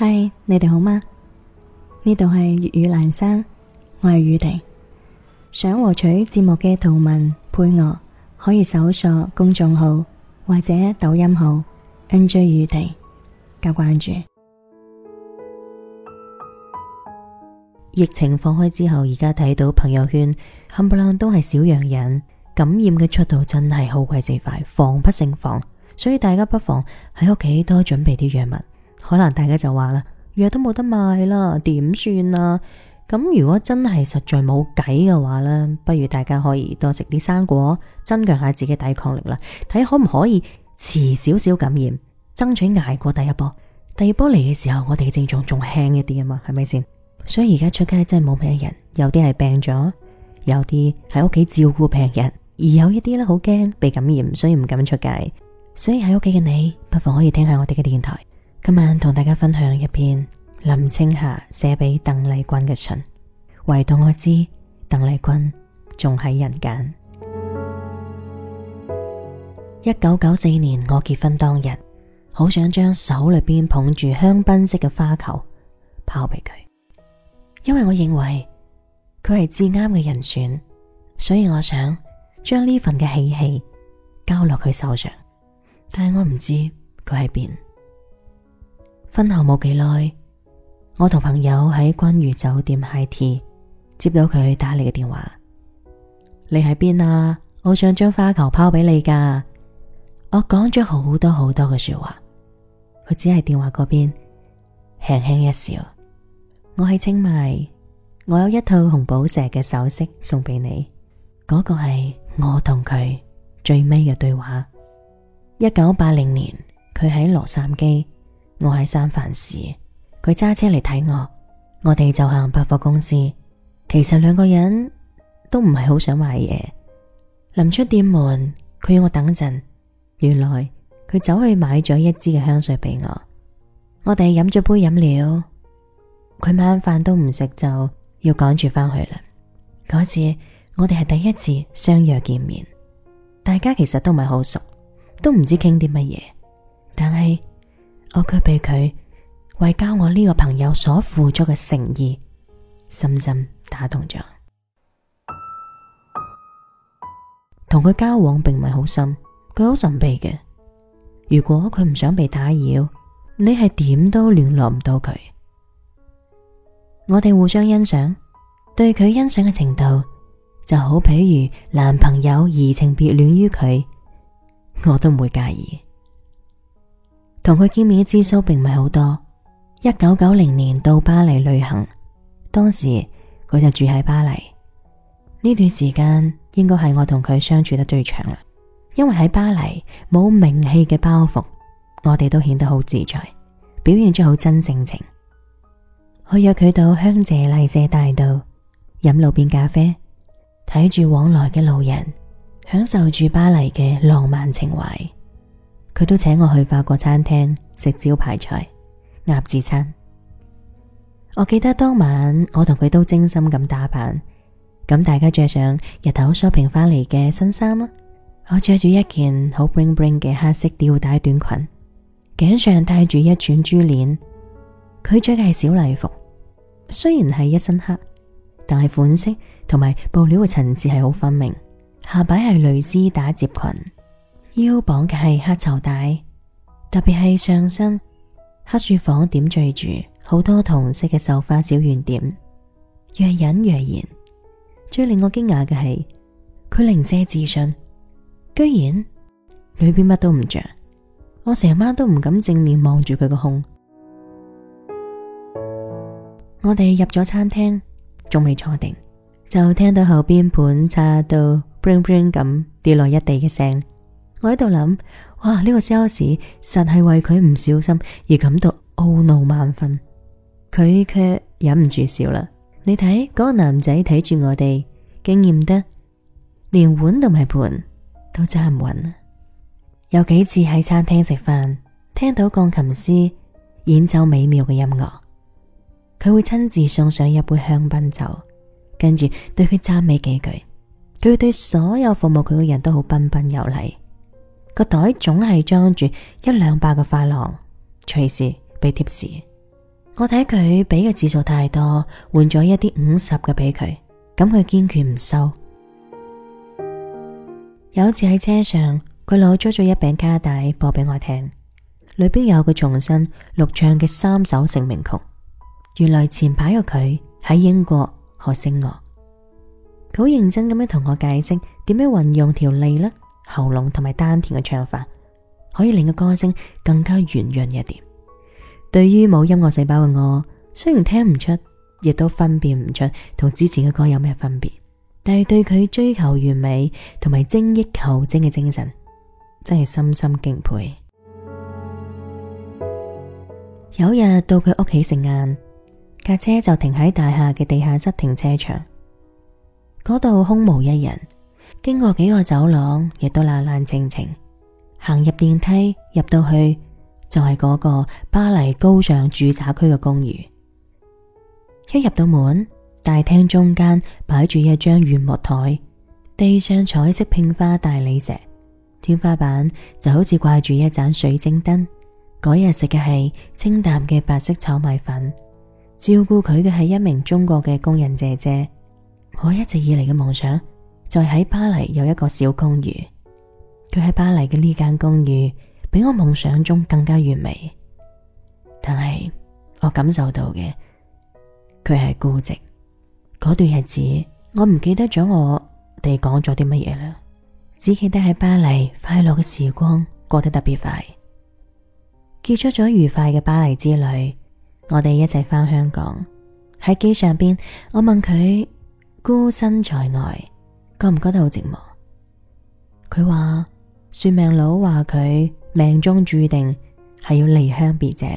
嗨，Hi, 你哋好嗎？呢度係粵語蘭山，我係宇婷。想獲取節目嘅圖文配樂，可以搜索公眾號或者抖音號 NJ 宇婷加關注。疫情放開之後，而家睇到朋友圈冚唪唥都係小陽人，感染嘅速度真係好鬼死快，防不勝防，所以大家不妨喺屋企多準備啲藥物。可能大家就話啦，藥都冇得賣啦，點算啊？咁如果真係實在冇計嘅話呢，不如大家可以多食啲生果，增強下自己抵抗力啦。睇下可唔可以遲少少感染，爭取挨過第一波。第二波嚟嘅時候，我哋嘅症狀仲輕一啲啊嘛，係咪先？所以而家出街真係冇咩人，有啲係病咗，有啲喺屋企照顧病人，而有一啲咧好驚被感染，所以唔敢出街。所以喺屋企嘅你，不妨可以聽下我哋嘅電台。今晚同大家分享一篇林青霞寫俾鄧麗君嘅信，唯獨我知鄧麗君仲喺人間。一九九四年我結婚當日，好想將手裏邊捧住香檳色嘅花球拋俾佢，因為我認為佢係至啱嘅人選，所以我想將呢份嘅喜氣交落佢手上。但係我唔知佢喺邊。婚後冇幾耐，我同朋友喺君悦酒店 hi tea 接到佢打嚟嘅電話，你喺邊啊？我想將花球拋俾你噶，我講咗好多好多嘅說話，佢只係電話嗰邊輕輕一笑。我係清邁，我有一套紅寶石嘅首飾送俾你，嗰、嗰個係我同佢最尾嘅對話。一九八零年，佢喺洛杉磯。我喺三藩市，佢揸車嚟睇我，我哋就行百貨公司。其實兩個人都唔係好想買嘢。臨出店門，佢要我等陣。原來佢走去買咗一支嘅香水俾我。我哋飲咗杯飲料，佢晚飯都唔食，就要趕住翻去啦。嗰次我哋係第一次相約見面，大家其實都唔係好熟，都唔知傾啲乜嘢，但係。佢被佢為交我呢個朋友所付出嘅誠意深深打動咗。同佢交往並唔係好深，佢好神秘嘅。如果佢唔想被打擾，你係點都聯絡唔到佢。我哋互相欣賞，對佢欣賞嘅程度就好，比如男朋友移情別戀於佢，我都唔會介意。同佢見面嘅次數並唔係好多。一九九零年到巴黎旅行，當時佢就住喺巴黎。呢段時間應該係我同佢相處得最長啦，因為喺巴黎冇名氣嘅包袱，我哋都顯得好自在，表現咗好真性情。我約佢到香榭麗舍大道飲路邊咖啡，睇住往來嘅路人，享受住巴黎嘅浪漫情懷。佢都請我去法國餐廳食招牌菜，鴨子餐。我記得當晚我同佢都精心咁打扮，咁大家着上日頭 shopping 翻嚟嘅新衫啦。我着住一件好 bling bling 嘅黑色吊帶短裙，頸上戴住一串珠鏈。佢着嘅係小禮服，雖然係一身黑，但係款式同埋布料嘅層次係好分明。下擺係蕾絲打褶裙。腰綁嘅係黑綢帶，特別係上身黑雪紡點綴住好多同色嘅繡花小圓點，若隱若現。最令我驚訝嘅係佢零舍自信，居然裏邊乜都唔着。我成晚都唔敢正面望住佢個胸。我哋入咗餐廳，仲未坐定，就聽到後邊盤叉到 bling bling 咁跌落一地嘅聲。我喺度諗，哇！呢個 sales 實係為佢唔小心而感到懊惱萬分。佢卻忍唔住笑啦。你睇嗰個男仔睇住我哋，驚艷得連碗都咪盤都揸唔穩。有幾次喺餐廳食飯，聽到鋼琴師演奏美妙嘅音樂，佢會親自送上一杯香檳酒，跟住對佢贊美幾句。佢對所有服務佢嘅人都好彬彬有禮。個袋總係裝住一兩百個法郎，隨時俾貼士。我睇佢俾嘅次數太多，換咗一啲五十嘅俾佢，咁佢堅決唔收。有一次喺車上，佢攞咗咗一餅卡帶播俾我聽，裏邊有個重新錄唱嘅三首成名曲。原來前排個佢喺英國學聲樂，佢好認，認真咁樣同我解釋點樣運用條脷啦。喉嚨同埋丹田嘅唱法，可以令個歌聲更加圓潤一點。對於冇音樂細胞嘅我，雖然聽唔出，亦都分辨唔出同之前嘅歌有咩分別。但係對佢追求完美同埋精益求精嘅精神，真係深深敬佩。 有一日到佢屋企食晏，架車就停喺大廈嘅地下室停車場，嗰度空無一人。經過幾個走廊，亦都冷冷清清。行入電梯，入到去就係、是、嗰個巴黎高尚住宅區嘅公寓。一入到門，大廳中間擺住一張原木台，地上彩色拼花大理石，天花板就好似掛住一盞水晶燈。嗰日食嘅係清淡嘅白色炒米粉。照顧佢嘅係一名中國嘅工人姐姐。我一直以嚟嘅夢想。就喺巴黎有一個小公寓，佢喺巴黎嘅呢間公寓比我夢想中更加完美。但係我感受到嘅佢係孤寂。嗰段日子我唔記得咗我哋講咗啲乜嘢啦，只記得喺巴黎快樂嘅時光過得特別快。結束咗愉快嘅巴黎之旅，我哋一齊翻香港，喺機上邊，我問佢孤身在外。」覺唔覺得好寂寞？佢話算命佬話佢命中注定係要離鄉別井，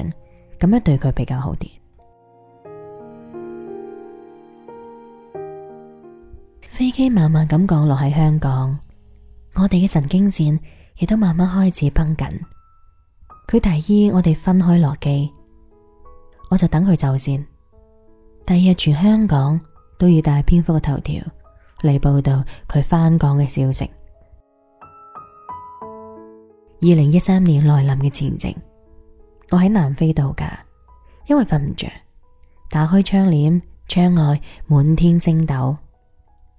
咁樣對佢比較好啲。 飛機慢慢咁降落喺香港，我哋嘅神經線亦都慢慢開始繃緊。佢提議我哋分開落機，我就等佢走先。第二日全香港都要大篇幅嘅頭條。嚟報道佢返港嘅消息。二零一三年來臨嘅前夕，我喺南非度假，因為瞓唔着，打開窗簾，窗外滿天星斗，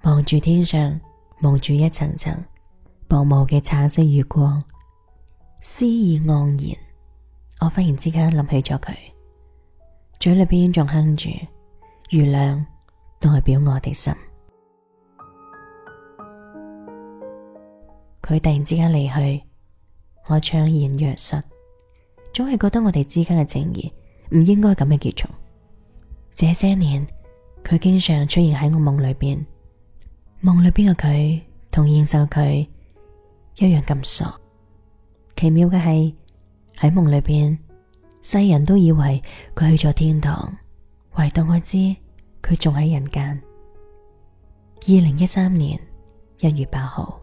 望住天上，望住一層層薄霧嘅橙色月光，詩意盎然。我忽然之間諗起咗佢，嘴裏邊仲哼住《月亮代表我的心》。佢突然之間離去，我悵然若失，總係覺得我哋之間嘅情誼唔應該咁樣結束。這些年，佢經常出現喺我夢裏邊，夢裏邊嘅佢同現實嘅佢一樣咁傻。奇妙嘅係喺夢裏邊，世人都以為佢去咗天堂，唯獨我知佢仲喺人間。二零一三年一月八號。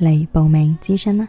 嚟報名諮詢啦。